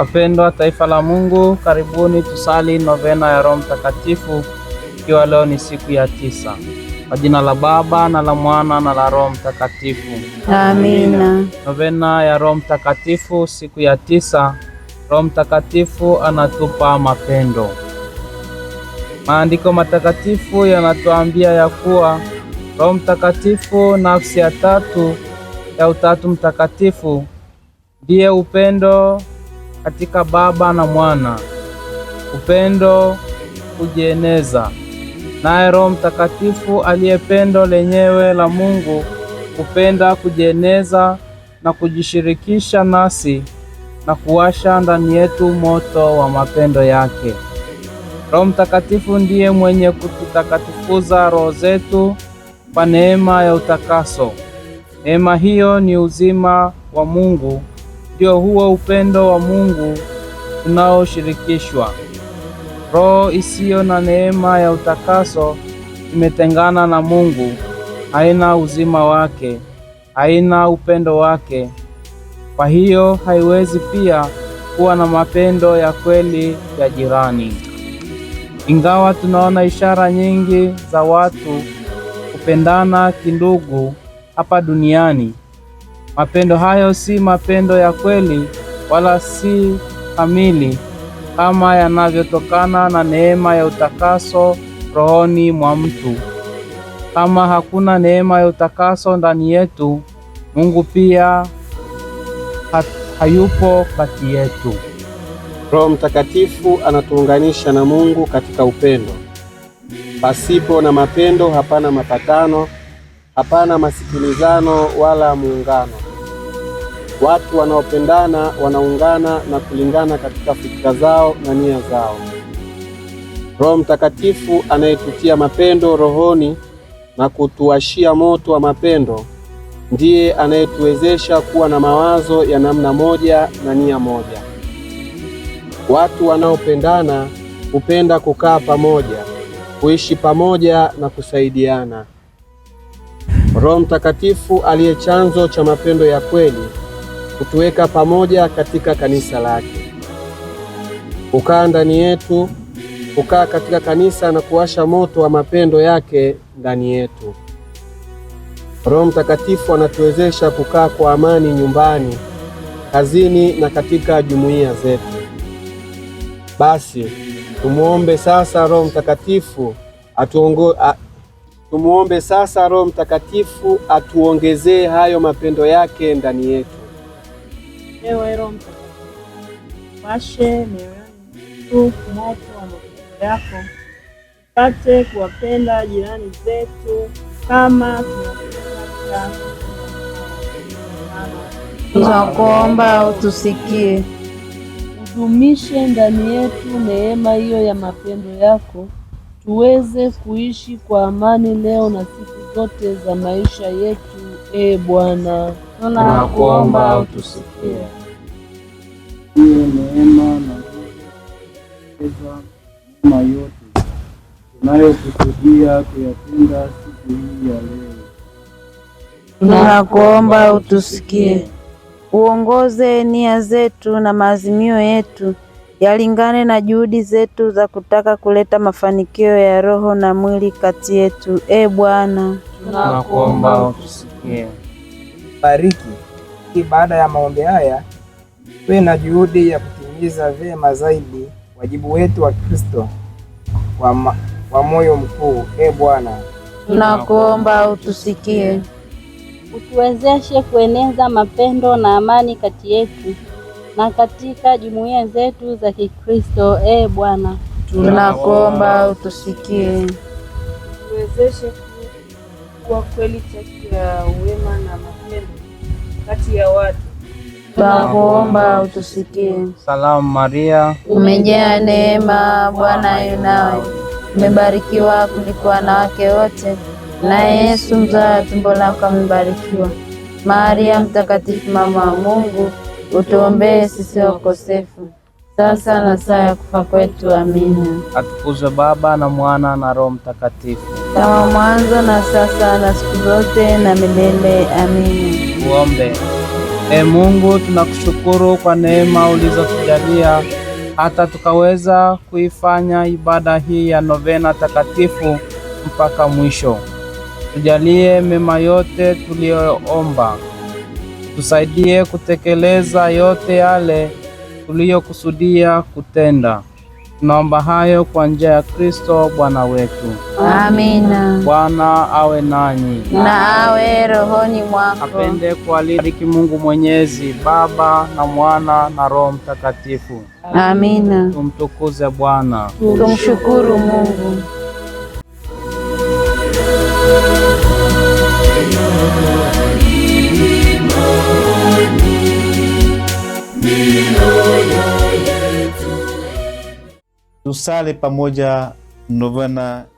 Wapendwa taifa la Mungu, karibuni tusali novena ya Roho Mtakatifu, ikiwa leo ni siku ya tisa. Kwa jina la Baba na la Mwana na la Roho Mtakatifu, amina. Novena ya Roho Mtakatifu, siku ya tisa. Roho Mtakatifu anatupa mapendo. Maandiko matakatifu yanatuambia ya kuwa Roho Mtakatifu, nafsi ya tatu ya Utatu Mtakatifu, ndiye upendo katika Baba na Mwana, upendo hujieneza, naye Roho Mtakatifu aliye pendo lenyewe la Mungu hupenda kujieneza na kujishirikisha nasi na kuwasha ndani yetu moto wa mapendo yake. Roho Mtakatifu ndiye mwenye kututakatifuza roho zetu kwa neema ya utakaso. Neema hiyo ni uzima wa Mungu ndio huo upendo wa Mungu unaoshirikishwa. Roho isiyo na neema ya utakaso imetengana na Mungu, haina uzima wake, haina upendo wake. Kwa hiyo haiwezi pia kuwa na mapendo ya kweli ya jirani. Ingawa tunaona ishara nyingi za watu kupendana kindugu hapa duniani, Mapendo hayo si mapendo ya kweli wala si kamili, kama yanavyotokana na neema ya utakaso rohoni mwa mtu. Kama hakuna neema ya utakaso ndani yetu, Mungu pia hayupo kati yetu. Roho Mtakatifu anatuunganisha na Mungu katika upendo. Pasipo na mapendo hapana mapatano hapana masikilizano wala muungano. Watu wanaopendana wanaungana na kulingana katika fikra zao na nia zao. Roho Mtakatifu anayetutia mapendo rohoni na kutuashia moto wa mapendo ndiye anayetuwezesha kuwa na mawazo ya namna moja na nia moja. Watu wanaopendana hupenda kukaa pamoja, kuishi pamoja na kusaidiana. Roho Mtakatifu aliye chanzo cha mapendo ya kweli kutuweka pamoja katika kanisa lake. Ukaa ndani yetu, ukaa katika kanisa na kuwasha moto wa mapendo yake ndani yetu. Roho Mtakatifu anatuwezesha kukaa kwa amani nyumbani, kazini na katika jumuiya zetu. Basi tumuombe sasa Roho Mtakatifu atuongoze Tumuombe sasa Roho Mtakatifu atuongezee hayo mapendo yake ndani yetu. Ewe Roho Mtakatifu, washe mioyoni moto wa mapendo yako, tupate kuwapenda jirani zetu kama tunavyopenda tunakuomba utusikie. Udumishe ndani yetu neema hiyo ya mapendo yako tuweze kuishi kwa amani leo na siku zote za maisha yetu. E Bwana, tunakuomba utusikie. Iye neema na eza mema yote tunayokusudia kuyatenda siku hii ya leo, tunakuomba utusikie, uongoze nia zetu na maazimio yetu yalingane na juhudi zetu za kutaka kuleta mafanikio ya roho na mwili kati yetu. E Bwana, tunakuomba utusikie, bariki hii baada ya maombi haya, tuwe na juhudi ya kutimiza vyema zaidi wajibu wetu wa Kristo kwa, kwa moyo mkuu. E Bwana, tunakuomba utusikie, utuwezeshe kueneza mapendo na amani kati yetu na katika jumuiya zetu za Kikristo. E Bwana, tunakuomba utusikie, tuwezeshe kuwa kweli kati ya wema na mapendo kati ya watu. Tunakuomba utusikie. Salamu Maria, umejaa neema, Bwana yu nawe, umebarikiwa kuliko wanawake wote, na Yesu mzao wa tumbo lako amebarikiwa. Maria mtakatifu, mama wa Mungu utuombee sisi wakosefu sasa na saa ya kufa kwetu. Amina. Atukuzwe Baba na Mwana na Roho Mtakatifu, kama mwanzo na sasa na siku zote na milele. Amina. Tuombe. E Mungu, tunakushukuru kwa neema ulizotujalia hata tukaweza kuifanya ibada hii ya novena takatifu mpaka mwisho. Tujalie mema yote tuliyoomba tusaidie kutekeleza yote yale tuliyokusudia kutenda. Tunaomba hayo kwa njia ya Kristo Bwana wetu. Amina. Bwana awe nanyi na awe rohoni mwako. Apende kualiki Mungu Mwenyezi, Baba na Mwana na Roho Mtakatifu. Amina. Tumtukuze Bwana, tumshukuru Mungu. tusale pamoja novena